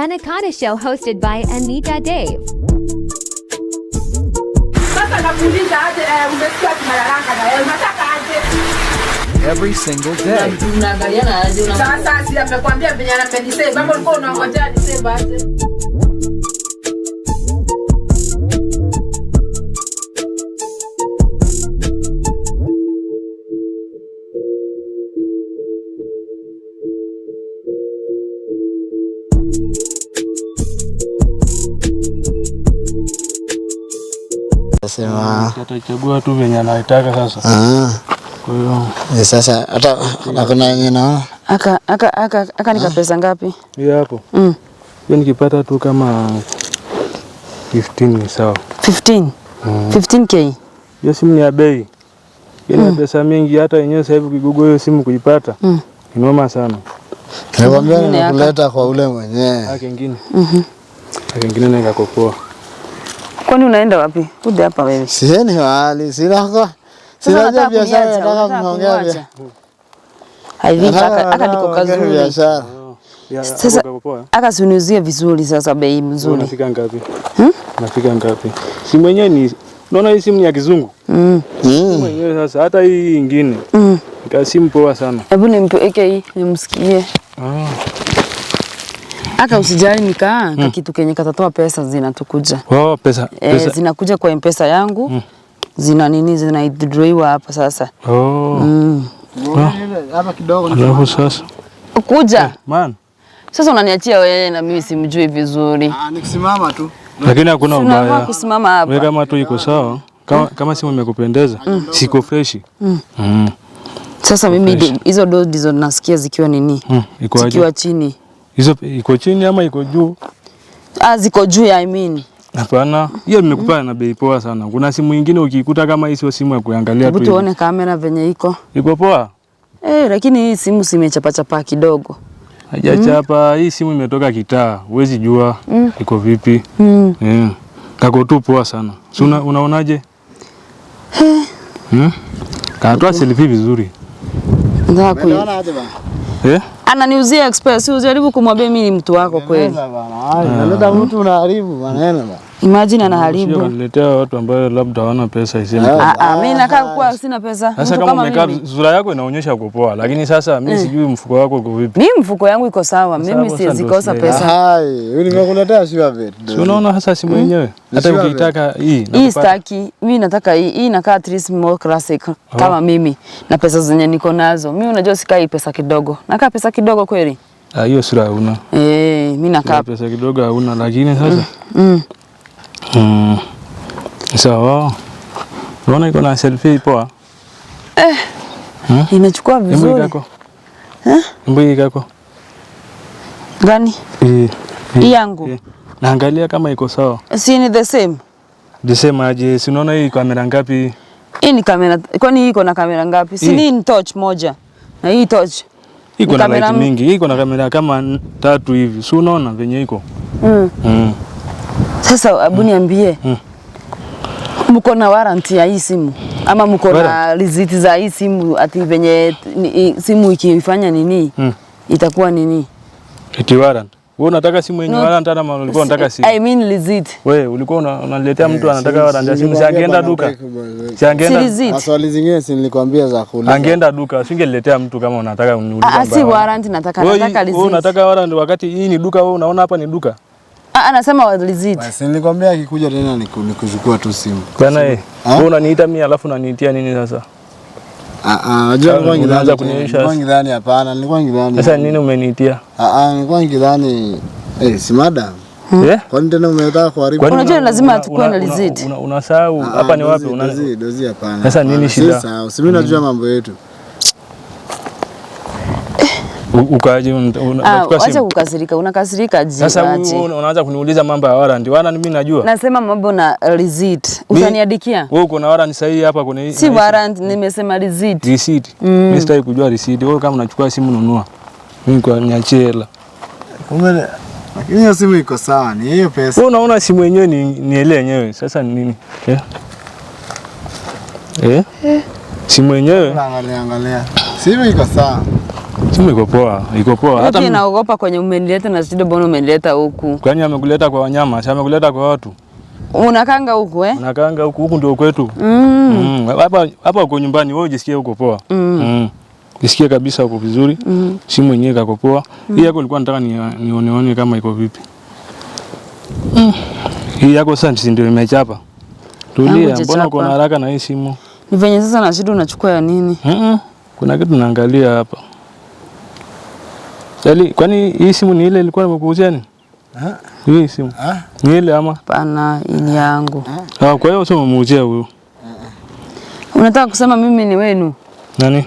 Anaconda Show hosted by Anita Dave. Eh, Every single day. Sema mm, atachagua ah. tu venye anataka sasa. Ah. Kwa hiyo e, sasa hata hakuna yenye na aka aka aka, aka nika ah. pesa ngapi? Hiyo hapo. Mm. Hiyo nikipata tu kama 15 ni sawa. 15. Mm. 15k. Hiyo simu ni ya bei. Hiyo ni mm. pesa mingi hata yenyewe sasa hivi kigogo hiyo simu kuipata. Mm. Inoma sana. Nikwambia nikuleta kwa ule mwenyewe. Ah, kingine. Mhm. Mm kingine nikakopoa. Kwani unaenda wapi? Kuja hapa wewe. Sieni wali, sina sina biashara nataka kuongea. Hivi aka niko kazuri. Biashara. Sasa eh? aka suniuzie vizuri sasa bei mzuri. Unafika ngapi? Hmm? Unafika ngapi? Si mwenyewe ni unaona hii simu ni ya kizungu. Mm. Mwenyewe hmm. sasa hata hii nyingine. Mm. Ni simu poa sana. Hebu nimpeke hii nimsikie. Ah. Aka usijali nikaa mm. kitu kenye katatoa pesa zinatukuja. Oh, pesa, e, pesa. Zinakuja kwa mpesa yangu mm. zina nini zina zinaidroiwa hapa sasa oh. mm. oh. Alafu sasa kuja Hey, eh, man. Sasa unaniachia wewe na mimi simjui vizuri. Ah, nikisimama tu. Lakini hakuna ubaya. Kusimama hapa. Wewe kama tu iko sawa kama, mm. kama simu imekupendeza mm. siko freshi mm. mm. Sasa mimi hizo dozi dodi nasikia zikiwa nini mm, zikiwa chini Hizo iko chini ama iko juu? Ah, ziko juu ya I mean. Hapana, hiyo nimekupa na bei poa sana. Kuna simu nyingine ukikuta kama hii sio simu ya kuangalia tu. Tuone kamera venye iko. Iko poa? Eh, lakini hii simu chapa kidogo. Hajachapa, hii simu imetoka kitaa, huwezi jua mm. iko vipi mm. yeah. Kako tu poa sana. Si unaonaje? Eh. Hmm? Kaatoa selfie vizuri. Ndio. Eh? Ananiuzia express, usijaribu kumwambia mimi ni mtu wako kweli. Bwana, mtu unaharibu bana. Imagine anaharibu. Analetea watu ambao labda hawana pesa iseme. Ah, ah ah, mimi nakaa kwa sina pesa. Sasa kama umekaa sura yako inaonyesha uko poa, lakini sasa mimi eh. sijui mfuko wako uko vipi. Mimi mfuko yangu iko sawa, mimi siwezi kosa pesa. Hai, wewe nimekuletea si wapi? Unaona hasa simu hmm? yenyewe. Hata ukitaka hii. Hii staki. Mimi nataka hii. Hii nakaa Tris More Classic kama mimi na pesa zenye niko nazo. Mimi unajua sikai pesa kidogo. Nakaa pesa kidogo kweli? Ah, hiyo sura hauna. Eh, mimi nakaa pesa kidogo hauna, lakini sasa. Mm. mm. Mm. Sawa. So, unaona iko na selfie poa? Eh. Hmm? Imechukua vizuri. Mbona Eh? Mbona yako? Gani? Eh. Hii eh. yangu. Eh. Naangalia kama iko sawa. Si ni the same. The same aje? Si unaona hii kamera ngapi? Hii ni kamera. Kwani hii iko na kamera ngapi? Si ni torch moja. Na hii torch. Iko na kamera mingi. iko na kamera kama tatu hivi. Si unaona venye iko? Mm. Mm. Sasa abu mm. niambie, hmm. mko na warranty ya hii simu ama mko na risiti za hii simu? Ati venye simu ikifanya nini hmm. itakuwa nini? Iti warranty wewe unataka simu yenye warrant hata kama ulikuwa unataka simu. I mean receipt. Wewe ulikuwa unaniletea mtu eh, anataka warrant ya simu, si angeenda duka. Si angeenda. Maswali zingine si nilikwambia za kuuliza. Angeenda duka, usingeniletea mtu kama unataka uniulize. Ah, ah si warrant nataka, nataka receipt. Wewe unataka warrant wakati hii ni duka, wewe unaona hapa ni duka. Ah, anasema walizidi. Basi nilikwambia akikuja tena nikuchukua tu simu. Bana eh. Wewe unaniita mimi alafu unaniitia nini sasa? Ah ah, unajua nilikuwa ngidhani kunionyesha. Nilikuwa ngidhani hapana, nilikuwa ngidhani. Sasa nini umeniitia? Ah ah, nilikuwa ngidhani eh, si madam. Yeah. Hmm. Kwani tena umetaka kuharibu? Unajua lazima atakuwa na lizidi. Unasahau ah, hapa ni wapi? Unazidi, dozi hapana. Sasa nini shida? Sasa si mimi najua mambo yetu. Ukaje ah, acha kukasirika, unakasirika je? Sasa unaanza kuniuliza mambo ya warrant. Warrant mimi najua. Nasema mambo na receipt. Utaniadikia? Wewe uko na warrant sahihi hapa kuna hii. Si warrant, nimesema receipt. Receipt. Mimi mm. sitaki kujua receipt. Wewe kama unachukua simu nunua. Mimi kwa niachie hela. Lakini hiyo simu iko sawa, ni hiyo pesa. Wewe unaona simu yenyewe ni ni ile yenyewe. Sasa ni nini? Eh? Eh? eh. Simu yenyewe? Angalia angalia. Simu iko sawa. Sema iko poa, iko poa. Hata mimi naogopa kwenye umenileta na sijui mbona umenileta huku. Kwani amekuleta kwa wanyama, si amekuleta kwa watu. Unakanga huku eh? Unakanga huku, huku ndio kwetu. Mm. mm. Hapa mm. hapa uko nyumbani wewe ujisikie uko poa. Mm. mm. Jisikie kabisa uko vizuri. Mm. Si mwenyewe kako poa. Mm. Hii yako ilikuwa nataka nione ni kama iko vipi. Mm. Hii yako sasa ndio imechapa. Tulia, mbona uko na haraka na hii simu? Ni venye sasa na shida unachukua ya nini? Mm -mm. Kuna kitu naangalia hapa. Dali, kwani hii simu ni ile ilikuwa nimekuuzia ni? Ha? Hii simu. Ha? Ni ile ama? Pana ile yangu. Ha? Ha, kwa hiyo sio muuzie huyo. Unataka kusema mimi ni wenu? Nani?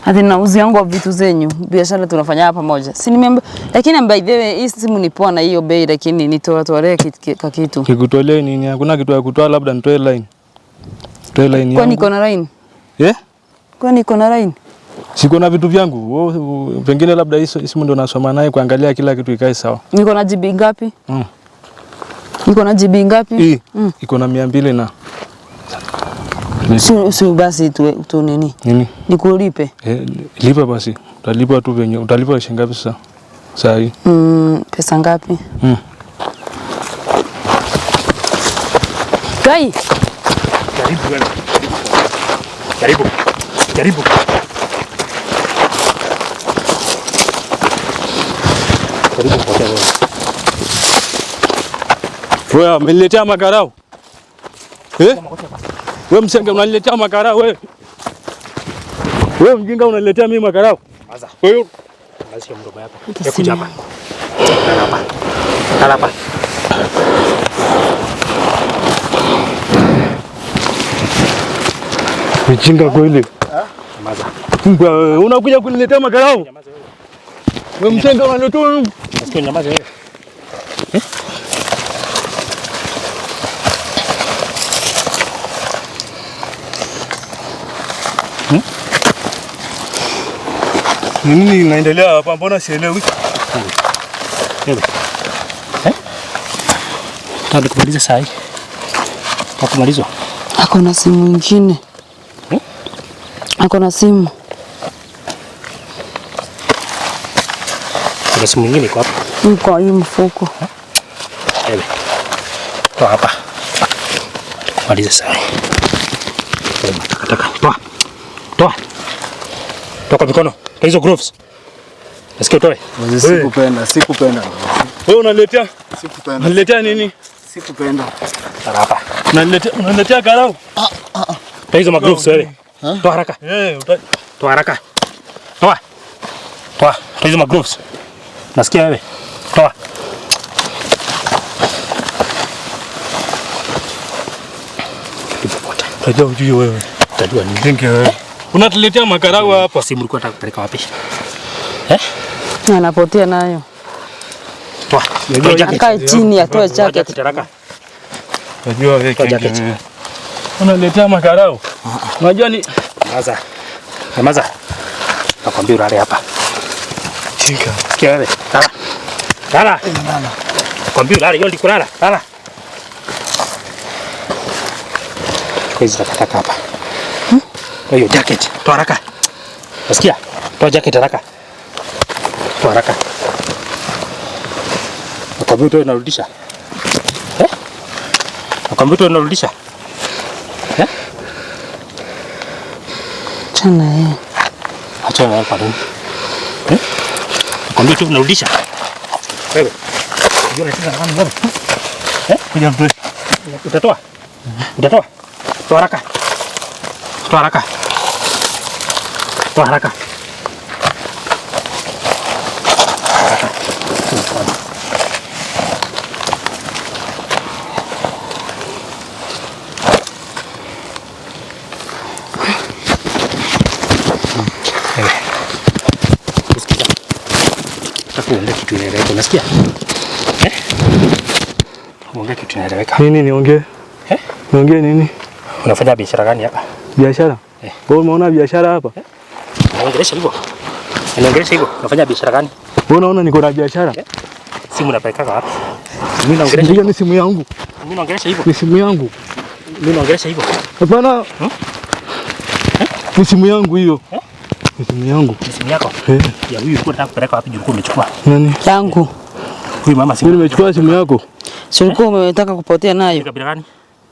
Hadi uzi yangu wa vitu zenyu. Biashara tunafanya hapa pamoja. Si nimeamba lakini by the way hii simu ni poa na hiyo bei lakini nitoa toa kit, kitu. Kikutolee nini? Hakuna kitu ya kutoa labda nitoe line. Toa line yangu. Eh? Kwani iko na line? Eh? Yeah? Kwani iko na line? Siko na vitu vyangu. pengine labda hizo simu ndio nasoma naye kuangalia kila kitu ikae sawa. Niko na GB ngapi? Mm. Niko na GB ngapi? Mm. Iko na 200 na. Si si basi tu tu nini? Nini? Nikulipe. Eh, lipa basi. Utalipa tu venye. Utalipa shilingi ngapi sasa? Sasa hii. Mm, pesa ngapi? Mm. Kai. Karibu. Karibu. Karibu. karibu kupotea wewe. Wewe umeniletea makarao. Eh? Wewe msenge unaniletea makarao wewe. Wewe mjinga unaniletea mimi makarao. Sasa. Wewe lazima mdomo yako. Ekuja hapa. Hapa. Hapa. Mjinga kweli. Ah? Maza. Unakuja kuniletea makarao. Maza. Wewe mtendo wa ndoto. Nasikia nyamaza wewe. Nini inaendelea hapa? Mbona sielewi? Kumaliza saa hii akumalizwa, ako na simu nyingine, ako na simu kuna simu nyingine iko hapa. Iko hii mfuko. Ebe. Toa hapa. Maliza sawa. Taka taka. Toa. Toa. Toa kwa mikono. Toa hizo gloves. Nasikia utoe. Sikupenda, sikupenda. Wewe unaletea? Sikupenda. Unaletea nini? Sikupenda. Tara hapa. Unaletea, unaletea karau? Ah ah. Toa hizo gloves wewe. Toa haraka. Eh, toa haraka. Toa. Toa Toa hizo gloves. Nasikia wewe. Toa. Unajua ujue wewe. Utajua nini wewe? Unatuletea makarau hapa. Simu Si mlikuwa kupeleka wapi? Eh? Na napotea nayo. Toa. Akae chini atoe chake. Unajua wewe. Unaletea makarau. Ah. Unajua ni Maza. Maza. Nakwambia urare hapa. Tinka. Sikia wewe. Lala. Nakwambia lala, hiyo ndiko lala. Lala. Hizi takataka hapa. Hmm? Hiyo jacket. Toa haraka. Nasikia? Toa jacket haraka. Toa haraka. Nakwambia toa narudisha. Eh? Nakwambia toa narudisha. Eh? Chana yeye. Eh. Acha na hapo. Eh? Nakwambia toa narudisha. Ayo. Jual itu kan kan. Eh, udah tuh. Udah tua. Udah tua. Tua raka. Tua raka. Tua raka. Tua raka. kitu inaeleweka, unasikia? Eh? Ongea kitu inaeleweka. Nini niongee? Eh? Niongee nini? Unafanya biashara gani hapa? Biashara? Eh. Wewe umeona biashara hapa? Eh? Unaongelesha hivyo? Unaongelesha hivyo? Unafanya biashara gani? Wewe unaona niko na biashara? Eh? Simu napeleka hapa. Mimi naongelesha hivyo. Ni simu yangu. Mimi naongelesha hivyo. Ni simu yangu. Mimi naongelesha hivyo. Hapana. Ni hmm? simu yangu hiyo. Eh? Simu yangu. Simu yako? Eh. Ya huyu unataka kupeleka wapi juu umechukua? Nani? Yangu. Huyu mama simu. Nimechukua simu yako. Si ulikuwa eh? umetaka kupotea nayo? Kabila gani?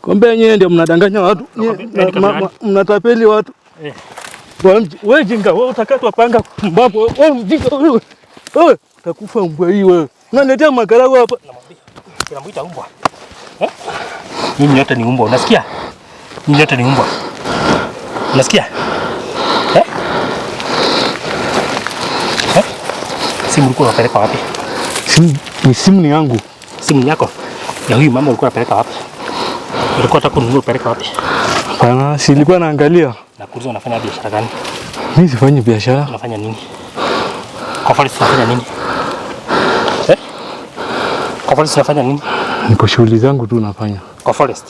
Kumbe nyewe ndio mnadanganya watu. Mnatapeli watu. Eh. Wewe jinga, wewe utakatwa panga mbapo. Wewe mjinga wewe. Wewe utakufa mbwa hii wewe. Unaniletea makarau hapa. Namwita mbwa. Eh? Mimi nyote ni mbwa, unasikia? Mimi nyote ni mbwa. Unasikia? Simu ulikuwa unapeleka wapi? Simu ni simu ni yangu. Simu yako? Ya huyu mama ulikuwa unapeleka wapi? Ulikuwa unataka kununua upeleka wapi? Bana, si nilikuwa naangalia. Na Nakuuliza unafanya biashara gani? Mimi sifanyi biashara. Unafanya nini? Kwa falsi unafanya nini? Eh? Kwa falsi unafanya nini? Niko shughuli zangu tu nafanya. Kwa forest.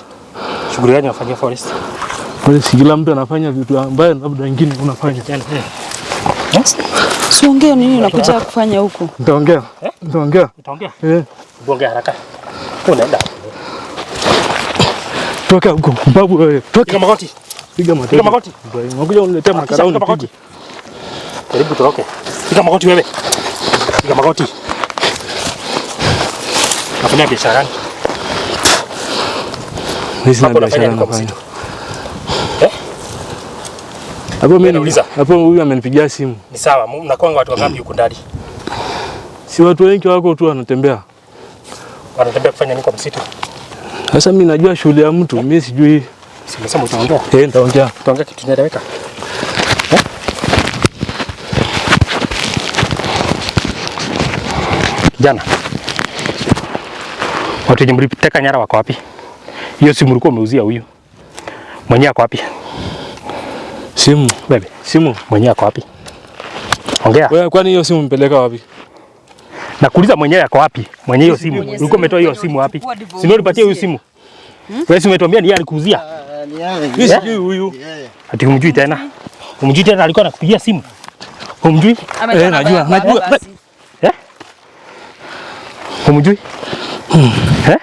Shughuli gani unafanyia forest? Forest kila mtu anafanya vitu ambaye labda wengine unafanya. Kijana, eh. Siongee nini unakuja kufanya huku? Nitaongea. Nitaongea. Nitaongea. Eh. Ongea haraka. Unaenda. Toka huko. Mbabu wewe. Eh, toka. magoti. Piga magoti. Piga magoti. Unakuja uniletea makarao nipige. Karibu toroke. Piga magoti wewe. Piga magoti. Nafanya biashara gani? Hapo biashara gani? Hapo mimi nauliza. hapo huyu amenipigia simu. Ni sawa, mnakuanga watu wangapi huko ndani? Si watu wengi wako tu wanatembea. Wanatembea kufanya nini kwa msitu? Sasa mimi najua shughuli ya mtu, mimi sijui. Simesema utaongea. Eh, nitaongea. Utaongea kitu kinaeleweka. Eh? Jana. Watu wenye mliteka nyara wako wapi? Hiyo simu ulikuwa umeuzia huyu. Mwenye ako wapi? Simu bebe, simu mwenyewe ako wapi? Ongea. Wewe kwani hiyo simu mpeleka wapi? Nakuuliza mwenyewe ako wapi? Mwenye hiyo simu. Ulikuwa umetoa hiyo simu wapi? Si ndio ulipatia hiyo simu? Hmm? Wewe si umetuambia ni yeye alikuuzia? Ah, ni yeye. Mimi eh? sijui huyu. Ati humjui tena. Humjui tena alikuwa anakupigia simu. Humjui? Eh, najua, najua. Eh? Humjui? Eh?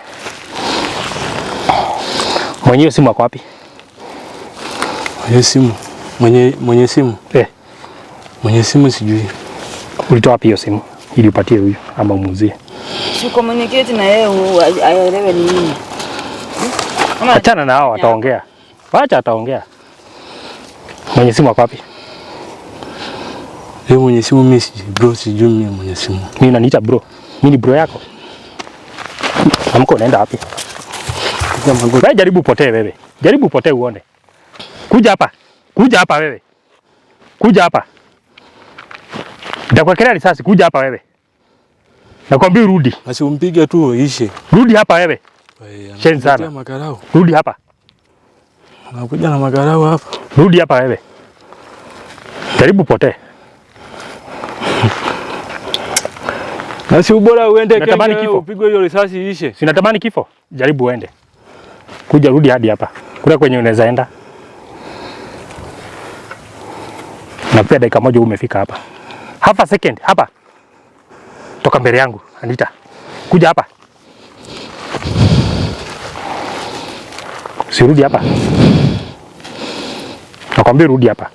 mwenye hiyo simu ako wapi? Hiyo simu. Mwenye, mwenye simu eh, mwenye simu sijui ulitoa wapi hiyo simu ili upatie huyu ama umuzie? Si communicate na yeye aelewe ni nini. Hmm? Achana na hao, ataongea. Wacha ataongea. Mwenye simu ako wapi? Yeye mwenye simu mimi sijui bro, sijui mimi mwenye simu. Mimi naniita bro. Mimi ni bro yako. Amko, unaenda wapi? mangu. Wewe jaribu upotee wewe. Jaribu upotee uone. Kuja hapa. Kuja hapa wewe. Kuja hapa. Nitakuwekelea risasi, kuja hapa wewe. Nakwambia rudi. umpige tu ishe. Rudi hapa wewe. Sheni sana. Rudi hapa. Nakuja na makarao hapa. Rudi hapa wewe. Karibu potee. Basi ubora uende Kenya upigwe hiyo risasi ishe. Sinatamani kifo. Jaribu uende. Kuja rudi hadi hapa. Kule kwenye unaweza enda. na pia dakika moja umefika hapa hapa, second hapa, toka mbele yangu Anita, kuja hapa, sirudi hapa, nakwambia rudi hapa,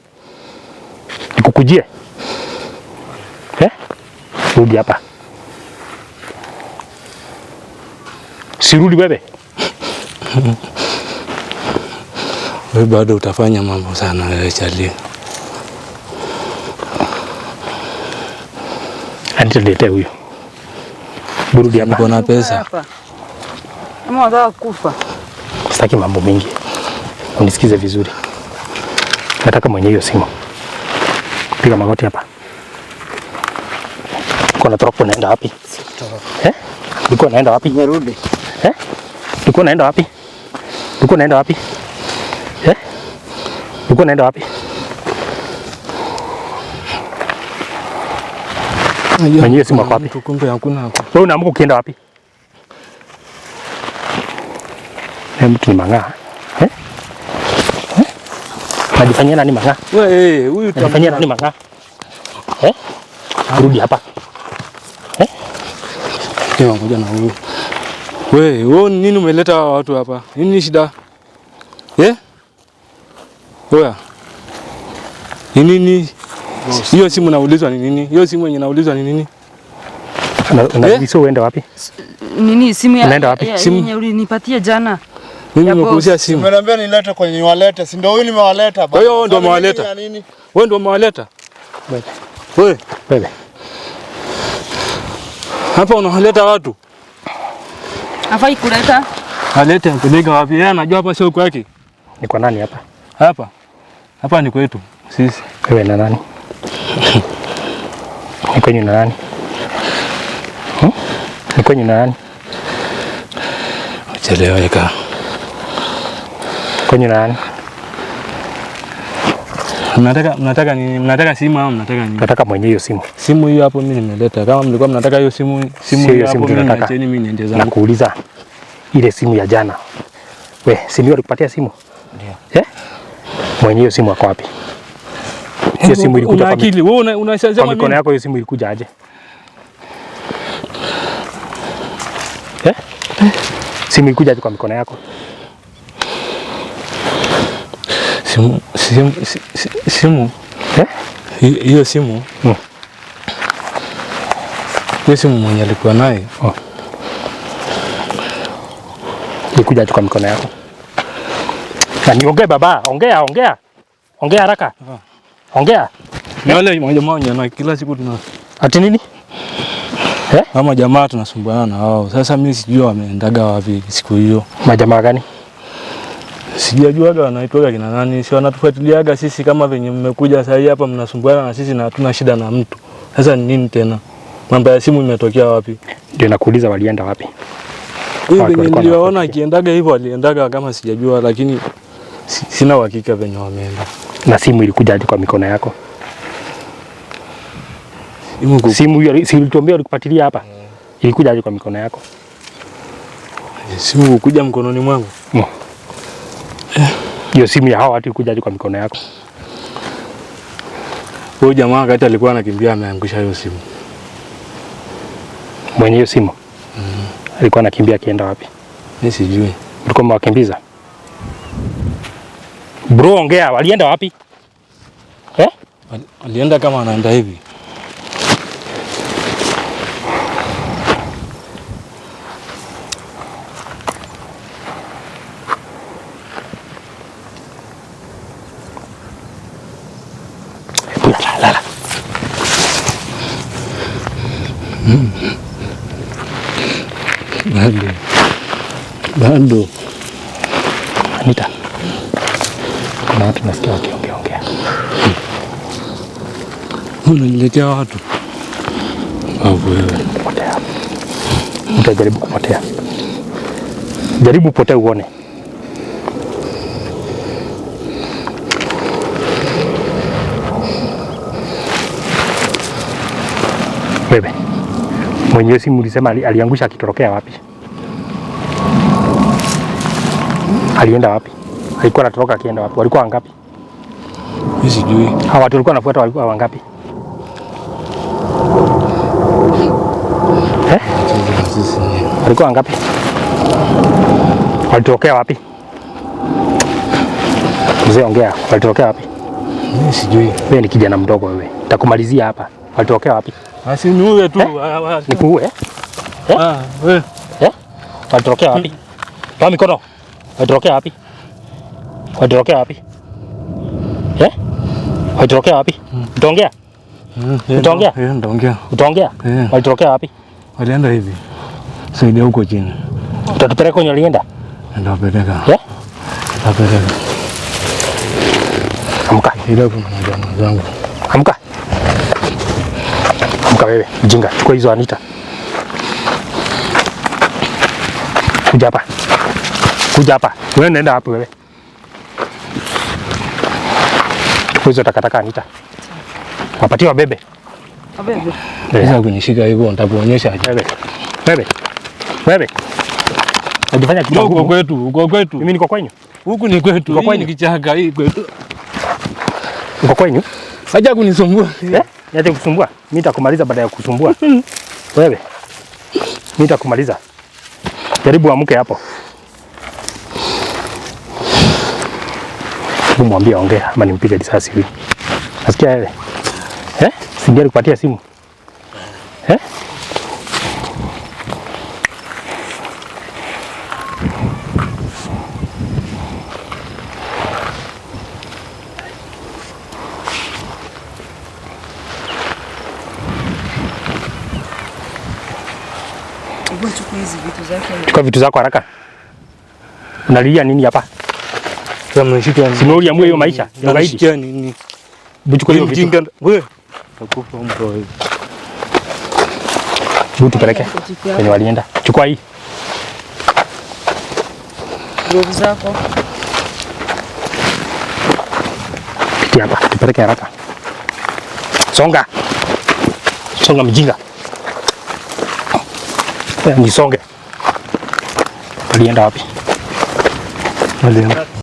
nikukujie eh? Rudi hapa, sirudi wewe. Wewe bado utafanya mambo sana wewe, Charlie. Anituletee huyo. Burudi hapa. Niko na pesa. Kama unataka kufa. Sitaki mambo mingi. Unisikize vizuri. Nataka mwenye hiyo simu. Piga magoti hapa. Uko troko, naenda wapi? Eh? Uko eh? naenda wapi? Nirudi. Eh? Uko naenda wapi? Uko naenda wapi? Eh? Uko naenda wapi? Mwenyewe simu wapi? Kumbe hakuna hapo. Wewe unaamka ukienda wapi? Mtu ni mang'aa. Eh? eh? Najifanyia nani mang'aa? Wewe eh, huyu tunafanyia nani mang'aa? Eh? Rudi hapa. Eh? Ndio eh, ngoja na huyu. Wewe, wewe nini umeleta watu hapa? Nini shida? Eh? Oya. Ni nini? Hiyo simu naulizwa ni nini? Hiyo simu yenye naulizwa ni nini? Unaulizwa eh? uende wapi? Nini simu ya? Unaenda wapi? Simu yenye ulinipatia jana. Mimi nimekuuzia simu. Umeniambia nilete kwenye waleta, si ndio huyu nimewaleta baba. Wewe ndio umewaleta. Wewe ndio umewaleta. Wewe. Wewe. Hapa unawaleta watu. Hafai kuleta. Alete mpeleka wapi? Yeye anajua hapa sio kwake. Ni kwa nani hapa? Hapa. Hapa ni kwetu sisi. Wewe na nani? Ni kwenye na nani? Hmm? Ni kwenye na nani? Ucheleweka. Kwenye na nani? Mnataka mnataka ni mnataka simu au mnataka nini? Nataka mwenye hiyo simu. Simu hiyo hapo mimi nimeleta. Kama mlikuwa mnataka hiyo simu, simu hiyo hapo mimi nataka. Mimi niende zangu. Nakuuliza ile simu ya jana. We, simu hiyo alikupatia simu? Ndio. Eh? Mwenye hiyo simu ako wapi? hiyo eh, simu ilikuja kwa akili wewe una, unasema kwa mikono yako hiyo simu ilikuja aje? Eh? eh? Simu ilikuja aje kwa mikono yako? Simu simu simu eh? Hiyo simu hiyo Simu mwenye alikuwa naye oh. Ilikuja aje kwa mikono yako? Na niongee baba, ongea ongea ongea haraka. Ongea. Ni wale jamaa wenye na kila siku tuna ati nini? Eh? Hao majamaa tunasumbuana na wao. Sasa mimi sijui wameendaga wapi siku hiyo. Majamaa gani? Sijajuaga wanaitwaga kina nani. Si wanatufuatiliaga sisi kama venye mmekuja sasa hapa mnasumbuana na sisi na hatuna shida na mtu. Sasa ni nini tena? Namba ya simu imetokea wapi? Ndio nakuuliza walienda wapi? Hii venye niliwaona akiendaga hivyo aliendaga kama sijajua, lakini sina uhakika venye wameenda na simu ilikuja kwa mikono yako? Mungu. Simu hiyo si ulituambia ulikupatilia hapa? Mm. Ilikuja kwa mikono yako? Simu kuja mkononi mwangu. mm. Hiyo simu ya hao watu ilikuja kwa mikono yako? Huyo jamaa wakati alikuwa anakimbia ameangusha hiyo simu. Mwenye hiyo simu? Mm. Alikuwa anakimbia akienda wapi? Mimi sijui. Ulikuwa mwakimbiza? Bro, ongea, walienda wapi? Eh? Alienda kama anaenda hivi. Bado bado, Anita, kuna watu nasikia wakiongea unaniletea watu potea. Utajaribu kupotea, jaribu upotee uone. Wewe mwenyewe simu ulisema aliangusha akitorokea wapi? Alienda wapi? Alikuwa anatoroka akienda wapi? Walikuwa wangapi? Sijui. Hawa watu walikuwa wanafuata walikuwa wangapi? Eh? Walikuwa wangapi? Walitokea wapi? Mzee, ongea. Walitokea wapi? Mimi sijui. Wewe ni kijana mdogo wewe. Nitakumalizia hapa. Walitokea wapi? Basi ni niue tu. Ni Nikuue? Eh? Ah, wewe. Ah, ah. Eh? Ah, Walitokea eh? wapi? Toa mikono. Walitokea wapi? Walitokea wapi? Eh? Walitokea wapi? Hmm. Utaongea? Hmm, Utaongea? Utaongea? Utaongea? Walitokea wapi? Eh? Alienda hivi saidia huko chini. Utatupeleka kwenye alienda? Ndapeleka. Yeah? Ndapeleka. Amka. Saidia huko zangu. Amka. Amka wewe, mjinga. Chukua hizo Anita. Kuja hapa. Kuja hapa. Wewe nenda hapo wewe. Chukua hizo takataka Anita. Wapatie wabebe kwenye shika hivyo, nitakuonyesha. Ndifanya kidogo. Uko kwetu, uko kwetu. Mimi niko kwenyu. Huku ni kwetu. Kwa kwenyu kichaka hii kwetu. Kwa kwenyu. Haja kunisumbua. Eh? Niache kusumbua. Mimi nitakumaliza baada ya kusumbua. Wewe. Mimi nitakumaliza. Jaribu amke hapo. Kumwambia ongea ama nimpige risasi hivi. Nasikia wewe. Eh? Singia nikupatia simu eh? Chukua vitu zako haraka. Unalilia nini hapa? Simulia mwe hiyo maisha. Wewe mjinga wewe. Utakufa mbwa wewe. Juu tupeleke kwenye walienda. Chukua hii nguo zako, pitia tupeleke haraka. Songa songa, mjinga, nisonge. Walienda wapi? Walienda